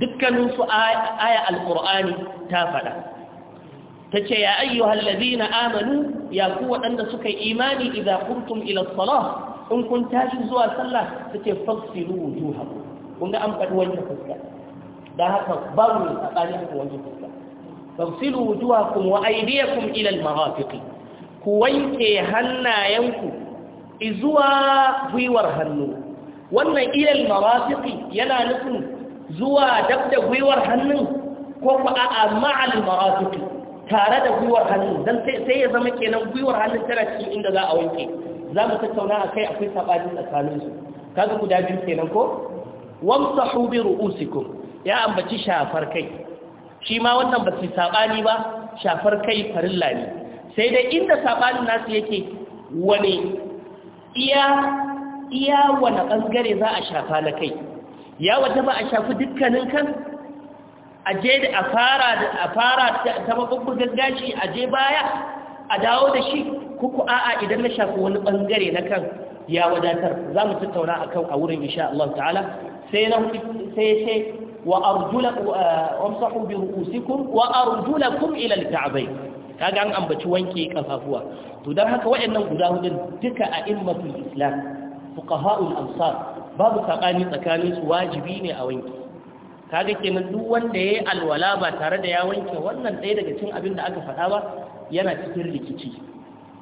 dukkanin su aya alqur'ani ta fada tace ya ayyuhal na amanu ya ku wadanda suka yi imani idan qumtum ila salah in kun tashi zuwa sallah tace fasilu wujuhakum kun ga an faɗi wancan fuska da haka babu ne tsakani a wancan fuska fasilu wujuhakum wa aydiyakum ila al-marafiqi ku wanke hannayenku izuwa gwiwar hannu wannan ilal marafiqi yana nufin zuwa dab da gwiwar hannun ko fa'a a ma'al marasuki tare da gwiwar hannun don sai ya zama kenan gwiwar hannun tana cikin inda za a wanke za mu tattauna a kai akwai saɓani tsakaninsu. Ka ga guda biyu kenan ko wamsahu bi ru'usikum ya ambaci shafar kai shi ma wannan ba su saɓani ba shafar kai farilla ne sai dai inda saɓanin nasu yake wani, iya iya wani ɓangare za a shafa na kai ya wata ba a shafi dukkanin kan a je da a fara ta mabubbugar gashi a je baya a dawo da shi kuku a'a idan na shafi wani bangare na kan ya wadatar za mu tattauna a kan a wurin insha Allah ta'ala sai na sai sai wa arjulakum wamsahu bi ru'usikum wa arjulakum ila al-ka'bayn kaga an ambaci wanke kafafuwa to dan haka waɗannan guda hudun duka a immatul islam fuqaha'ul ansar babu saɓani tsakanin su wajibi ne a wanki kaga kenan duk wanda ya yi alwala ba tare da ya wanke wannan ɗaya daga cin abin da aka faɗa ba yana cikin rikici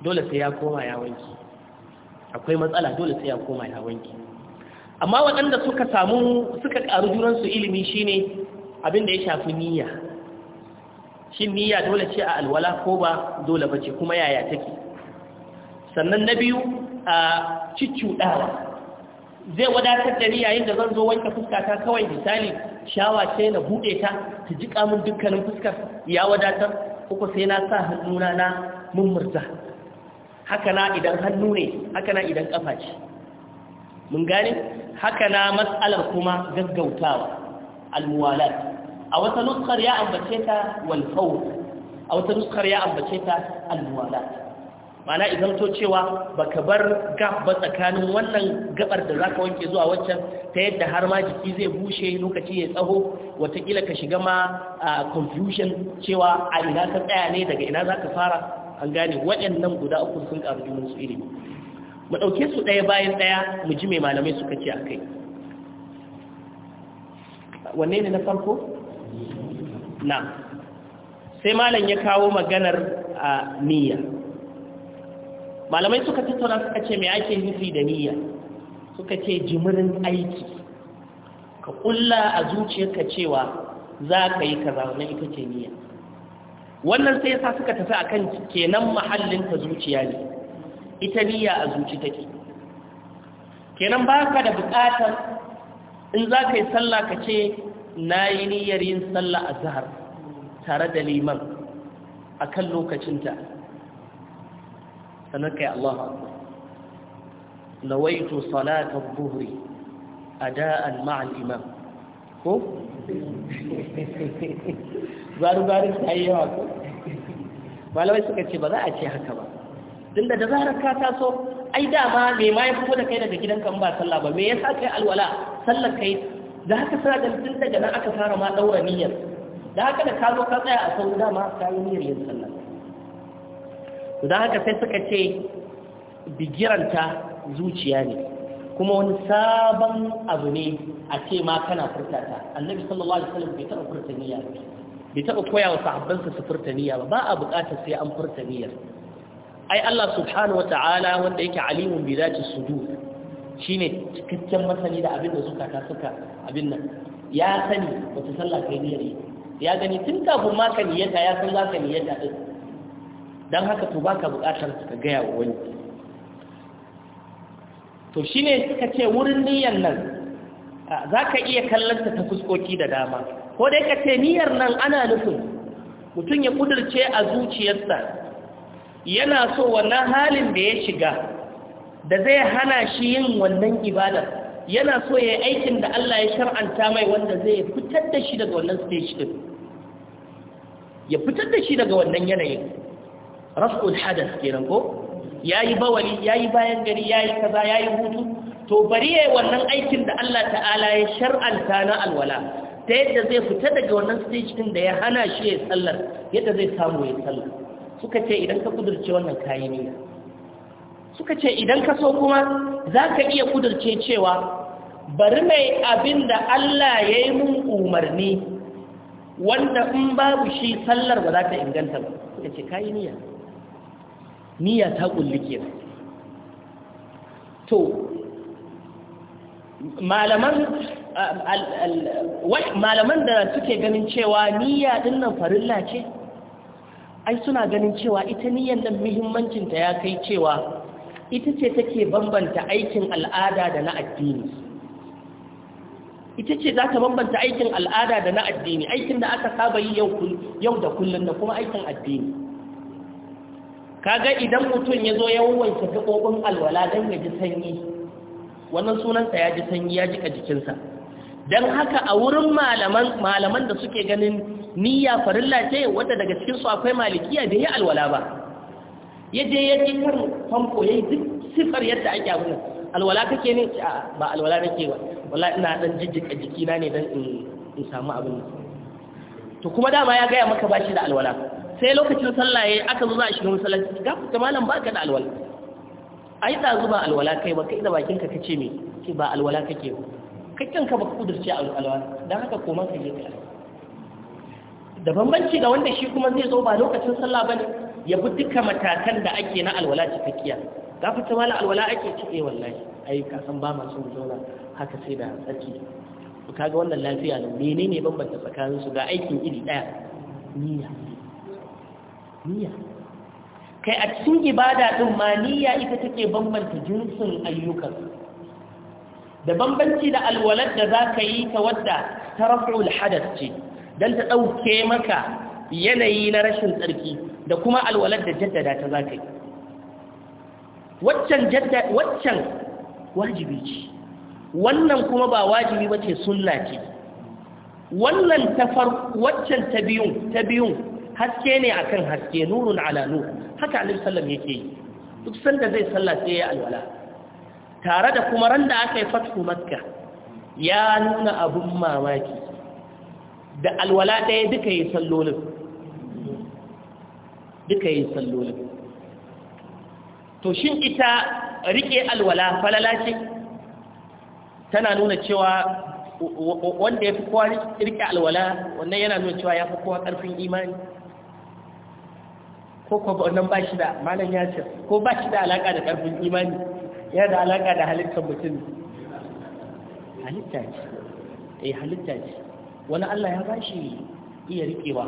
dole sai ya koma ya wanki akwai matsala dole sai ya koma ya wanki amma waɗanda suka samu suka ƙaru juransu ilimi shine abin da ya shafi niyya shin niyya dole ce a alwala ko ba dole ba ce kuma yaya take sannan na biyu a ciccuɗawa zai wadatar da ni yayin da zan zo wanke fuskata kawai misali shawa ce na buɗe ta ta ji kamun dukkanin fuskar ya wadatar uku sai na sa hannuna na mummurta haka na idan hannu ne haka na idan kafa ce mun gane haka na matsalar kuma gaggautawa almuwalat a wata nuskar ya ambace ta walfaut a wata nuskar ya ambace ta almuwalat mana idan to cewa baka bar gaf ba tsakanin wannan gabar da zaka wanke zuwa waccan ta yadda har ma jiki zai bushe lokaci ya tsaho watakila ka shiga ma confusion cewa a ina ka tsaya ne daga ina zaka fara an gane waɗannan guda uku sun ƙaru junan su ilimi mu ɗauke su ɗaya bayan ɗaya mu ji mai malamai suka ce a kai wanne ne na farko? na sai malam ya kawo maganar a niyya malamai suka tattauna suka ce mai ake nufi da niyya suka ce jimirin aiki ka kulla a zuciyarka cewa za ka yi kaza wannan ita ce niyya wannan sai yasa suka tafi akan kenan mahallin ka zuciya ne ita niyya a zuci take kenan ba ka da bukatar in za ka yi sallah ka ce na yi niyyar yin sallah a zahar tare da liman a kan lokacinta sannan kai Allahu akbar nawaitu salat adh-dhuhri ada'an ma'a al-imam ko zaru zaru sai yawa ko malamai suka ce ba za a ce haka ba tunda da zarar ka taso ai dama me ma ya fito da kai daga gidanka ba sallah ba me yasa kai alwala sallar kai za ka sa da tun daga nan aka fara ma daura niyyar da haka da ka zo ka tsaya a sau dama ka yi niyyar yin sallah don haka sai suka ce bigiranta zuciya ne kuma wani sabon abu ne a ce ma kana furta furtata annabi sallallahu alaihi wasallam bai taɓa furta niyya bai taɓa koya wa sahabbansa su furta niyya ba ba a buƙatar sai an furta niyya. ai Allah subhanahu wata'ala wanda yake alimun bi zati sudur shine cikakken masani da abin da suka ta suka abin nan ya sani wata sallah kai niyyar ya gani tun kafin ma ka niyyata ya san za ka niyyata din don haka to ba ka buƙatar ka gaya wa wani to shi ne suka ce wurin niyyar nan za ka iya kallonta ta fuskoki da dama ko dai ka ce niyyar nan ana nufin mutum ya ƙudurce a zuciyarsa yana so wannan halin da ya shiga da zai hana shi yin wannan ibadar yana so ya yi aikin da Allah ya shar'anta mai wanda zai fitar da shi daga wannan stage din ya fitar da shi daga wannan yanayin raf'ul hadath kenan ko yayi bawali yayi bayan gari yayi kaza yayi hutu to bari yayi wannan aikin da Allah ta'ala ya shar'anta na alwala ta yadda zai fita daga wannan stage din da ya hana shi ya sallar yadda zai samu ya sallar suka ce idan ka kudurce wannan kayi ne suka ce idan ka so kuma za ka iya kudurce cewa bari mai abin da Allah ya yi mun umarni wanda in babu shi sallar ba za ta inganta ba suka ce kayi niyya niyya ta kulli kenan to malaman da suke ganin cewa niyya din nan farilla ce ai suna ganin cewa ita niyyan muhimmancin muhimmancinta ya kai cewa ita ce take bambanta aikin al'ada da na addini ita ce za ta bambanta aikin al'ada da na addini aikin da aka saba yi yau da kullum da kuma aikin addini kaga idan mutum ya zo ya wanke gaɓoɓin alwala don ya ji sanyi wannan sunansa ya ji sanyi ya jika jikinsa don haka a wurin malaman da suke ganin niyya farilla ce wadda daga cikinsu akwai malikiya da ya alwala ba ya je ya ji kan famfo ya yi duk sifar yadda ake abin alwala kake ne ba alwala nake ba wala ina dan jijjika jikina ne don in samu abin to kuma dama ya gaya maka bashi da alwala sai lokacin sallah yayi aka zo za a shiga masallaci ga ka malam baka da alwala ai da zuba alwala kai ba kai da bakin ka kace me ki ba alwala kake ba kanka ka baka kudurce alwala dan haka koma ka je ka. da bambanci ga wanda shi kuma zai zo ba lokacin sallah bane ya bi duka matakan da ake na alwala cikakkiya ga fita malam alwala ake eh wallahi ai ka san ba masu zauna haka sai da tsaki kaga wannan lafiya ne menene bambanta tsakanin su ga aikin iri daya niyya niyya kai a cikin ibada din ma niyya ita take bambanta jinsin ayyukan da bambanci da alwalar da za ka yi ta wadda ta raf'ul hadath ce dan ta dauke maka yanayi na rashin tsarki da kuma alwalar da jaddada ta za ka yi waccan jaddada waccan wajibi ce wannan kuma ba wajibi bace sunna ce wannan ta farko waccan ta biyun ta biyun haske ne akan haske nurun ala nur haka annabi sallam yake yi duk sanda zai sallah sai ya alwala tare da kuma ran da aka yi fasku makka ya nuna abun mamaki da alwala ɗaya duka yi sallolin duka yi sallolin to shin ita rike alwala falala ce tana nuna cewa wanda ya fi kowa rike alwala wannan yana nuna cewa ya fi kowa ƙarfin imani ko ko nan ba shi da malam ya ce ko ba shi da alaka da karfin imani yana da alaka da halittar mutum halitta ce eh halitta ce wani Allah ya bashi iya riƙewa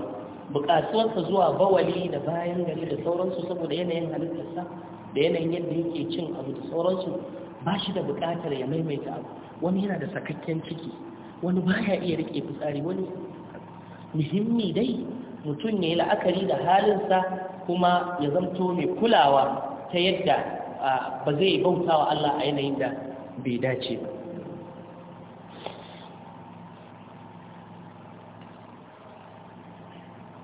bukatuwarsa zuwa bawali da bayan gari da sauransu saboda yanayin halittarsa da yanayin yadda yake cin abu da sauransu ba shi da bukatar ya maimaita abu wani yana da sakakken ciki wani ba ya iya rike fitsari wani muhimmi dai mutum ya yi la'akari da halinsa kuma ya zamto mai kulawa ta yadda ba zai bauta wa Allah a yanayin da bai dace ba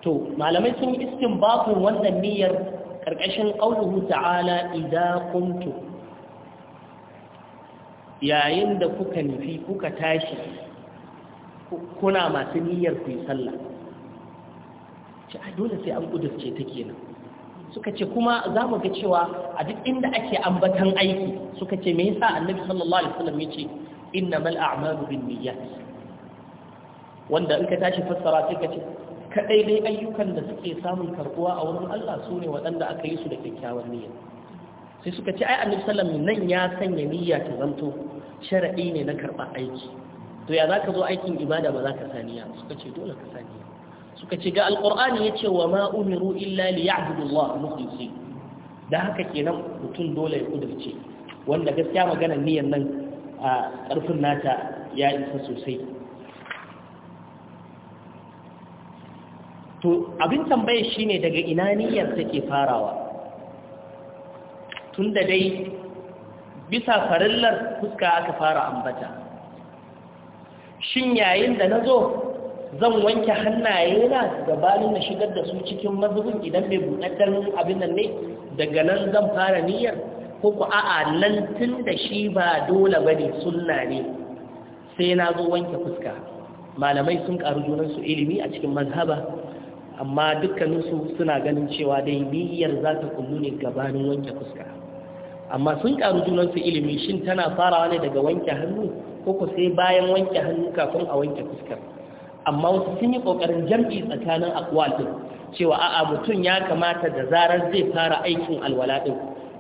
to malamai sun yi istinbatun wannan niyyar karkashin qauluhu ta'ala idza kuntu yayin da kuka nufi kuka tashi kuna masu niyyar ku sallah ci dole sai an kudurce ta nan. suka ce kuma za mu ga cewa a duk inda ake ambatan aiki suka ce me yasa annabi sallallahu alaihi wasallam yace innamal a'malu binniyat wanda in ka tashi fassara sai ka ce kadai dai ayyukan da suke samun karbuwa a wurin Allah su ne waɗanda aka yi su da kyakkyawar niyya sai suka ce ai annabi sallallahu nan ya sanya niyya ta zanto sharaɗi ne na karɓar aiki to ya zaka zo aikin ibada ba za ka saniya suka ce dole ka saniya suka ce ga ya ce wa ma umiru illa liya'budu a mukhlisin da haka kenan mutum dole ya kudurce wanda gaskiya maganar niyyar nan a ƙarfin nata ya isa sosai to abin tambaye shine daga ina niyyar take farawa tunda dai bisa farillar fuska aka fara ambata shin yayin da na zo zan wanke hannaye na gabanin na shigar da su cikin mazubin idan mai buɗaɗɗen abin nan ne daga nan zan fara niyyar ko ku a'a nan tun da shi ba dole ba ne sunna ne sai na zo wanke fuska malamai sun ƙaru junansu ilimi a cikin mazhaba amma dukkaninsu suna ganin cewa dai niyyar za ta kullu ne gabanin wanke fuska amma sun ƙaru junansu ilimi shin tana farawa ne daga wanke hannu ko ku sai bayan wanke hannu kafin a wanke fuskar amma wasu sun yi ƙoƙarin jam'i tsakanin akwal ɗin cewa a'a mutum ya kamata da zarar zai fara aikin alwala ɗin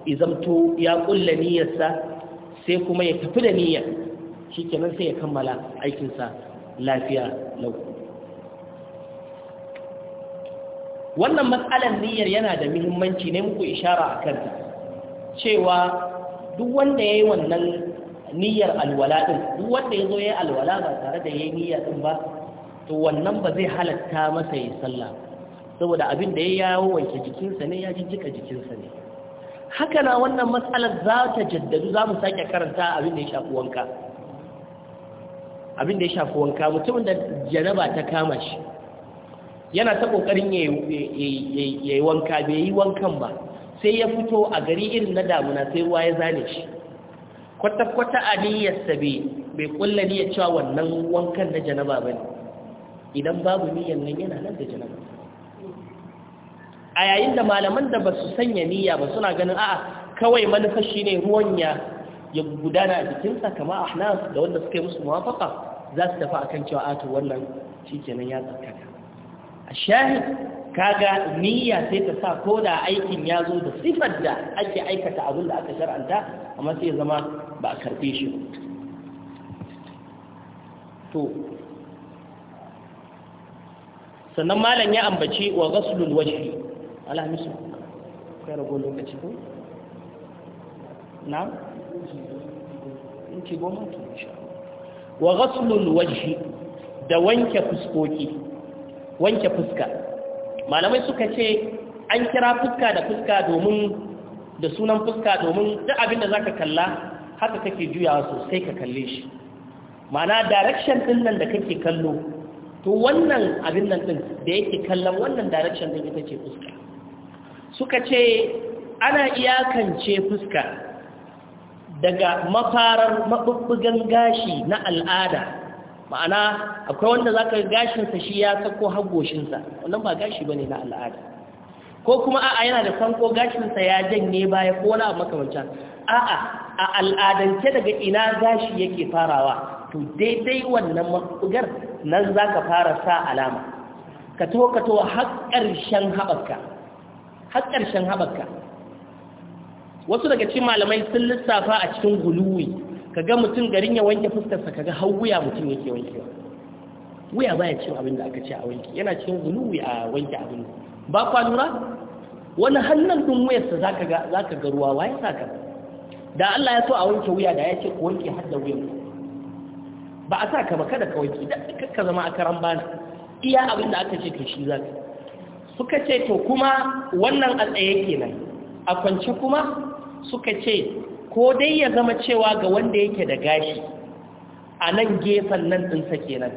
izamto ya ƙulla niyyarsa sai kuma ya tafi da niyyar shi kenan sai ya kammala aikinsa lafiya lau wannan matsalar niyyar yana da muhimmanci ne muku ishara a kanta cewa duk wanda ya yi wannan niyyar alwala ɗin duk wanda ya zo ya yi alwala ba tare da ya yi niyyar ɗin ba to wannan ba zai halatta masa yi sallah saboda abin da ya yawo wanke jikinsa ne ya jijjika jikinsa ne haka na wannan matsalar za ta jaddadu za mu sake karanta abin da ya shafi wanka abin da ya shafi wanka mutumin da janaba ta kama shi yana ta kokarin ya yi wanka bai yi wankan ba sai ya fito a gari irin na damuna sai ruwa ya zane shi kwata-kwata a niyyar sabi bai kulla niyyar cewa wannan wankan na janaba ba ne idan babu niyyar nan yana nan da janaba a yayin da malaman da ba su sanya niyya ba suna ganin a'a kawai manufar shi ne ruwan ya ya gudana a jikinsa kama a hana da wanda suka yi musu mawafaka za su tafi akan cewa ato wannan shi kenan ya tsarkaka a shahi kaga niyya sai ta sa ko da aikin ya zo da sifar da ake aikata abin da aka shar'anta amma sai zama ba a karbe shi to sannan malam ya ambaci wa ghaslul wajhi alhamisu kai rago lokaci ko na inci goma to insha wa ghaslul wajhi da wanke fuskoki wanke fuska malamai suka ce an kira fuska da fuska domin da sunan fuska domin duk abin da zaka kalla haka kake juyawa sosai ka kalle shi ma'ana direction din nan da kake kallo to wannan abin nan din da yake kallon wannan direction din ita ce fuska suka ce ana iyakance fuska daga mafarar mabubbugan gashi na al'ada ma'ana akwai wanda za ka gashinsa shi ya sako haggoshinsa wannan ba gashi ba ne na al'ada ko kuma a'a yana da sanko gashinsa ya janye baya ko wani abu makamancin a'a a al'adance daga ina gashi yake farawa to daidai wannan matsugar nan za ka fara sa alama ka taho ka taho har ƙarshen haɓarka har haɓarka wasu daga cikin malamai sun lissafa a cikin guluwi ka ga mutum garin ya wanke fuskarsa ka ga har wuya mutum yake wankewa wuya baya cin abin da aka ce a wanke yana cikin guluwi a wanke abin ba kwa lura wani hannun ɗin wuyarsa za ka ga ruwa waye sa ka da Allah ya so a wanke wuya da ya ce ku wanke har da wuyan ba a sa ka ba kada ka wanki da ka zama a karan bana iya abin da aka ce ka shi za suka ce to kuma wannan a tsaye nan, a kwance kuma suka ce ko dai ya zama cewa ga wanda yake da gashi a nan gefen nan ɗinsa nan,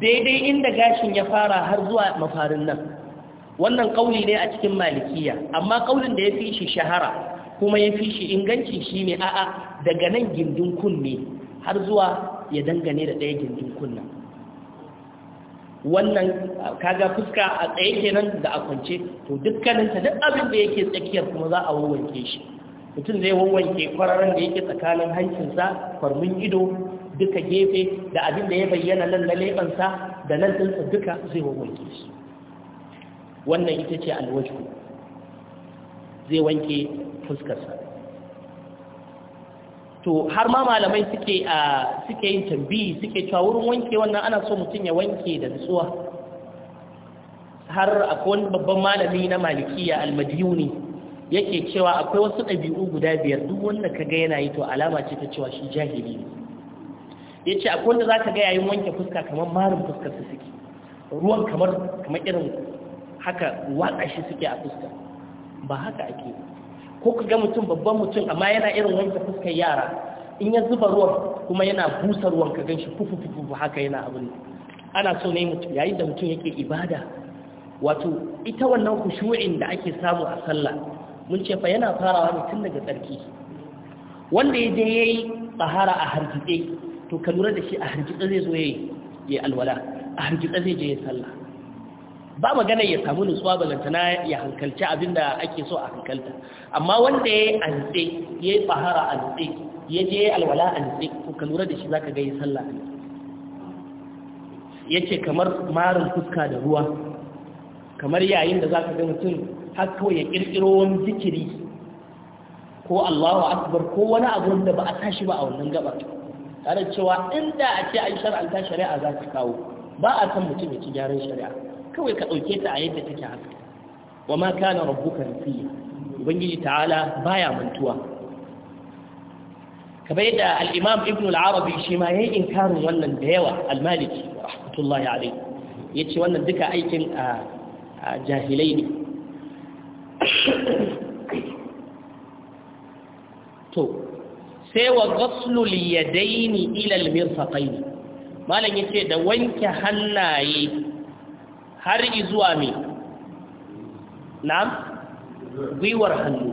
daidai inda gashin ya fara har zuwa mafarin nan wannan ƙauli ne a cikin malikiya amma ƙaulin da ya fi shi shahara kuma ya fi shi inganci shi ne a'a daga nan gindin kunne har zuwa ya dangane da ɗaya gindin kunna wannan kaga fuska a tsaye kenan da a kwance to dukkaninta duk abin da yake tsakiyar kuma za a wawanke shi mutum zai wawanke kwararren da yake tsakanin hancinsa kwarmin ido duka gefe da abin da ya bayyana nan na lebansa, da nan ɗinsa duka zai wawanke shi wannan ita ce alwajku zai wanke fuskarsa to har ma malamai suke a suke yin tambayi suke cewa wurin wanke wannan ana so mutum ya wanke da nutsuwa har akwai babban malami na malikiya almadiyuni yake cewa akwai wasu ɗabi'u guda biyar duk wanda ka ga yana yi to alama ce ta cewa shi jahili ne ya ce akwai wanda za ka ga yayin wanke fuska kamar marin fuskar su suke ruwan kamar kamar irin haka watsa shi suke a fuska ba haka ake yi ko ka ga mutum babban mutum amma yana irin wanke fuskar yara in ya zuba ruwan kuma yana busa ruwan ka ganshi fufu fufu haka yana abin ana so ne mutum yayin da mutum yake ibada wato ita wannan kushu'in da ake samu a sallah mun ce fa yana farawa ne tun daga tsarki wanda ya je yayi tsahara a harjitse to ka lura da shi a harjitse zai zo yayi ya alwala a harjitse zai je ya sallah ba magana ya samu nutsuwa balantana ya hankalci abinda ake so a hankalta amma wanda ya antse ya yi fahara antse ya je alwala antse ko ka lura da shi za ka gaya sallah Ya ce kamar marin fuska da ruwa kamar yayin da zaka ga mutum har kawai ya kirkiro wani zikiri ko Allahu akbar ko wani abu da ba a tashi ba a wannan gaba tare cewa inda a ce an shar'anta shari'a za ka kawo ba a san mutum ya ci gyaran shari'a kawai ka ɗauke ta a yadda take haka wa ma kana rabbuka nasiya ubangiji ta'ala baya mantuwa kamar yadda al-imam ibn al-arabi shi ma yayin inkarin wannan da yawa al-maliki rahmatullahi alayhi yace wannan duka aikin a jahilai ne to sai wa ghaslul yadaini ila al-mirfaqaini malam yace da wanke hannaye har zuwa me na gwiwar hannu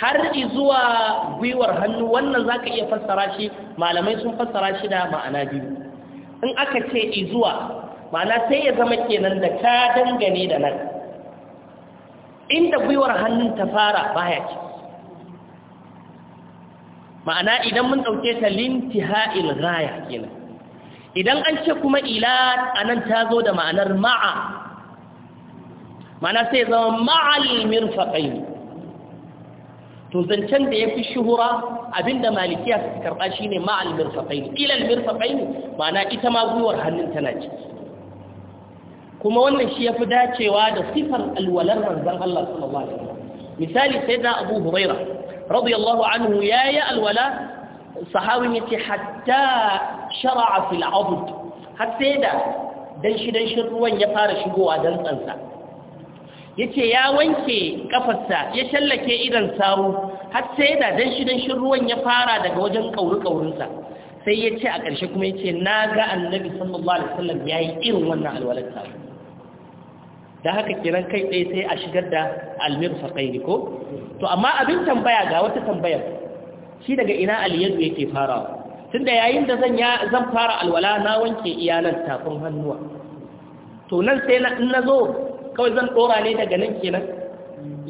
har zuwa gwiwar hannu wannan za ka iya fassara shi malamai sun fassara shi da ma'ana biyu in aka ce izuwa ma'ana sai ya zama kenan da ka dangane da nan inda gwiwar hannun ta fara baya ce ma'ana idan mun ɗauke ta linti ha'il kenan idan an ce kuma ila a nan ta zo da ma'anar ma'a ma'ana sai zama ma'al mirfaƙai to zancen da ya fi shuhura abinda malikiya su karɓa shi ne ma'al mirfaƙai ne ilal ma'ana ita ma gwiwar hannun tana ciki kuma wannan shi ya fi dacewa da sifar alwalar manzan Allah sallallahu misali sai da Abu Hurairah radiyallahu anhu yayi alwala sahawin yake hatta shara'a fil abud har sai da danshi danshin ruwan ya fara shigowa dantsansa yace ya wanke kafarsa ya shallake idan sawu har sai da danshi danshin ruwan ya fara daga wajen kauri kaurinsa sai ya ce a ƙarshe kuma ya ce na ga annabi sallallahu alaihi wasallam ya yi irin wannan alwalar ta da haka kiran kai tsaye sai a shigar da almirfa ne ko to amma abin tambaya ga wata tambayar shi daga ina Aliyu yake farawa tunda yayin da zan ya zan fara alwala na wanke iyalan tafin hannuwa to nan sai na in nazo kawai zan dora ne daga nan kenan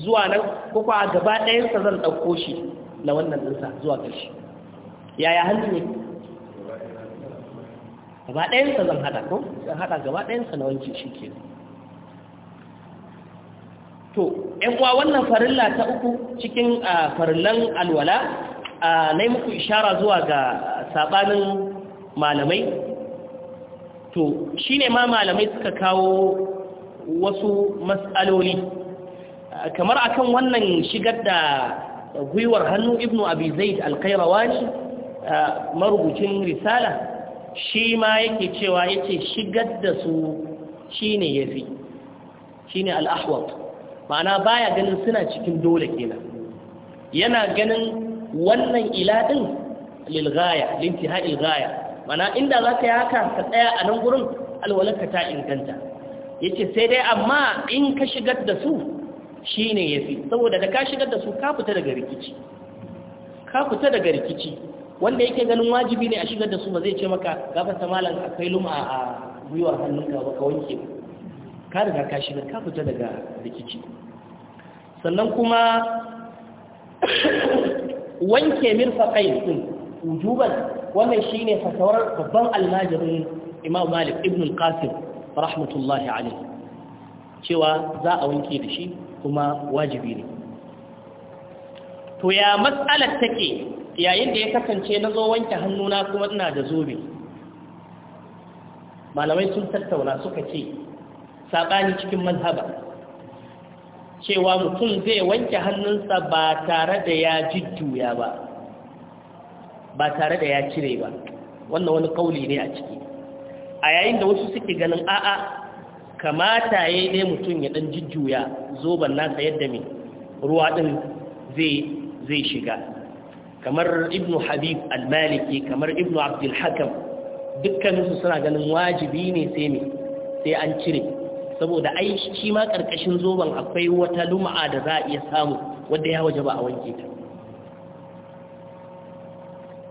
zuwa nan ko kuwa gaba ɗayan sa zan dauko shi na wannan dinsa zuwa ƙarshe yaya hannu ne gaba ɗayan sa zan hada ko zan hada gaba ɗayan sa na wanke shi kenan to ƴan uwa wannan farilla ta uku cikin ah, farillan alwala na yi muku ishara zuwa ga saɓanin malamai to shi ne ma malamai suka kawo wasu matsaloli kamar akan wannan shigar da gwiwar hannu ibnu abizaid zaid alkairawani marubucin risala shi ma yake cewa ya ce shigar da su shi ne ya fi shi ne al'ahwar ma'ana baya ganin suna cikin dole kenan yana ganin wannan ila din lil ghaya lintihai ghaya mana inda ka yi haka ka tsaya a nan gurin alwalarka ta inganta Ya ce sai dai amma in ka shigar da su shi ne ya fi saboda da ka shigar da su ka fita daga rikici ka fita daga rikici wanda yake ganin wajibi ne a shigar da su ba zai ce maka gafata a akwai luma a gwiwar hannunka ba ka wanke ka daga ka shigar ka fita daga rikici sannan kuma wanke mirfaqai din wujuban wannan shine fatawar babban almajirin Imam Malik ibn al-Qasim rahmatullahi alayhi cewa za a wanke da shi kuma wajibi ne to ya matsalar take yayin da ya kasance na zo wanke hannuna kuma ina da zobe malamai sun tattauna suka ce saɓani cikin mazhaba cewa mutum zai wanke hannunsa ba tare da ya juya ba ba tare da ya cire ba wannan wani kauli ne a ciki a yayin da wasu suke ganin a'a kamata ya yi dai mutum ya ɗan jujjuya zoben nasa yadda mai ruwa ɗin zai shiga kamar ibnu habib al-maliki kamar ibnu abdulhakam dukkaninsu suna ganin wajibi ne sai mai sai an cire saboda ai shi ma karkashin zoban akwai wata luma'a da za a iya samu wadda ya waje ba a wanke ta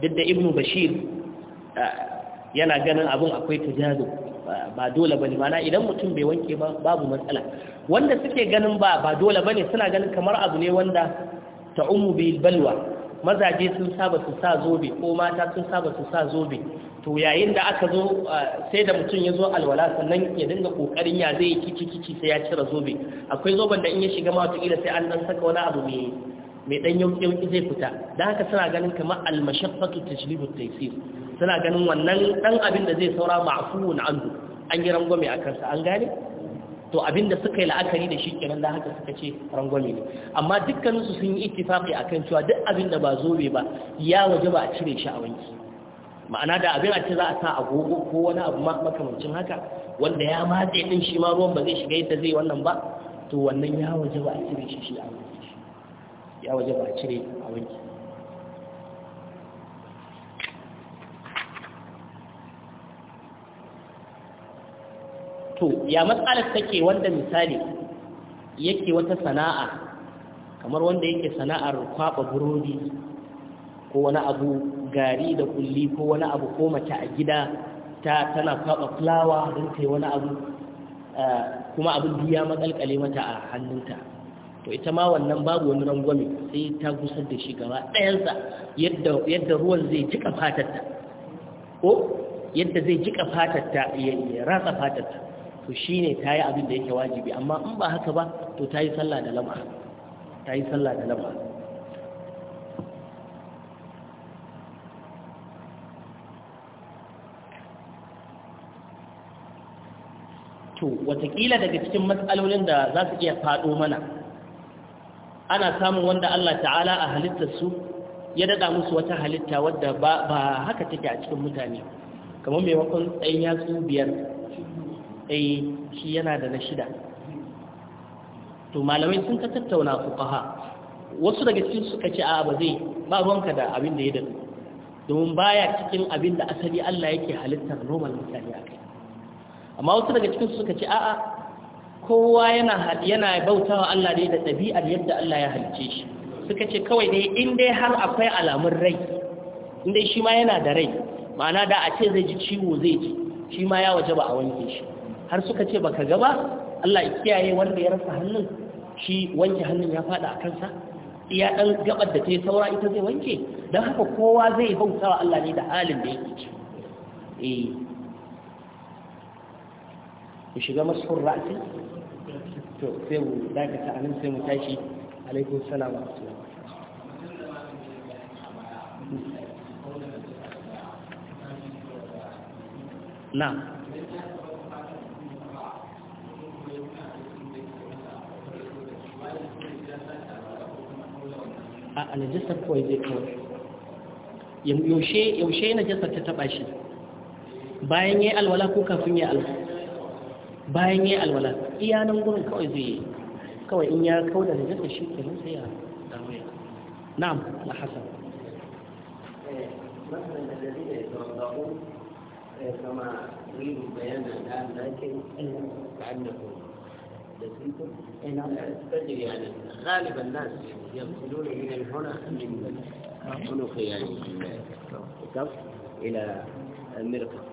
duk da ibnu bashir yana ganin abin akwai tujazu ba dole bane mana idan mutum bai wanke ba babu matsala wanda suke ganin ba ba dole bane suna ganin kamar abu ne wanda ta'ummu bil balwa mazaje sun saba su sa zobe ko mata sun saba su sa zobe to yayin da aka zo sai da mutum ya zo alwala sannan ya dinga kokarin ya zai kici kici sai ya cire zobe akwai zoben da in ya shiga ma wata sai an dan saka wani abu mai mai dan yauki yauki zai fita dan haka suna ganin kamar almashaqqatu tajlibu taysir suna ganin wannan dan abin da zai saura ma'fuun anhu an yi rangwame a kansa an gane to abinda suka yi la'akari da shi kenan da haka suka ce rangwame ne amma dukkaninsu sun yi ittifaqi akan cewa duk abinda ba zobe ba ya waje ba a cire shi a wanki ma'ana da abin a ce za a sa agogo ko wani abu makamancin haka wanda ya matse din shi ma ruwan ba zai shiga yadda zai wannan ba to wannan ya waje ba a cire shi a wanki ya waje ba a cire a wanki to ya matsalar take wanda misali yake wata sana'a kamar wanda yake sana'ar kwaba burodi ko wani abu gari da kulli ko wani abu ko mace a gida ta tana kwaba fulawa don ta wani abu eh, kuma abin biya matsalkale mata a hannunta to ita ma wannan babu wani rangwame sai ta gusar da shi gaba ɗayansa yadda ruwan zai jika fatarta ko yadda zai jika fatarta ya ratsa fatarta to shi ne ta yi abin da yake wajibi amma in ba haka ba to ta yi sallah da lam'a ta yi sallah da lam'a to watakila daga cikin matsalolin da za su iya faɗo mana ana samun wanda Allah ta'ala a halittarsu ya daɗa musu wata halitta wadda ba haka take a cikin mutane kamar maimakon ɗan yatsu biyar eh shi yana da na shida to malamai sun ka tattauna fuqaha wasu daga cikin suka ce a ba zai ba ruwanka da abin da ya dadu domin baya cikin abin da asali Allah yake halittar normal mutane kai. amma wasu daga cikin suka ce a'a kowa yana yana bautawa Allah dai da ɗabi'ar yadda Allah ya halice shi suka ce kawai dai in dai har akwai alamun rai in dai shi ma yana da rai ma'ana da a ce zai ji ciwo zai ji shi ma ya waje ba a wanke shi har suka ce baka ga ba Allah ya kiyaye wanda ya rasa hannun shi wanke hannun ya fada a kansa ya dan gabar da ta yi saura ita zai wanke don haka kowa zai bautawa Allah ne da halin da yake ci eh ku shiga mashhur ra'si to sai mu anan sai mu tashi alaikum salam a najasar kawai zai kawai yaushe najasar ta taba shi bayan ya yi alwala ko kafin ya alwala bayan ya yi alwala iya nan gurin kawai zai yi kawai in ya kawo da najasar shi ke nan sai ya na'am na hasan كما يريد بيان الآن لكن كأنه إيه، نعم. يعني غالب الناس يغسلون من هنا من عنق يعني إلى المرفق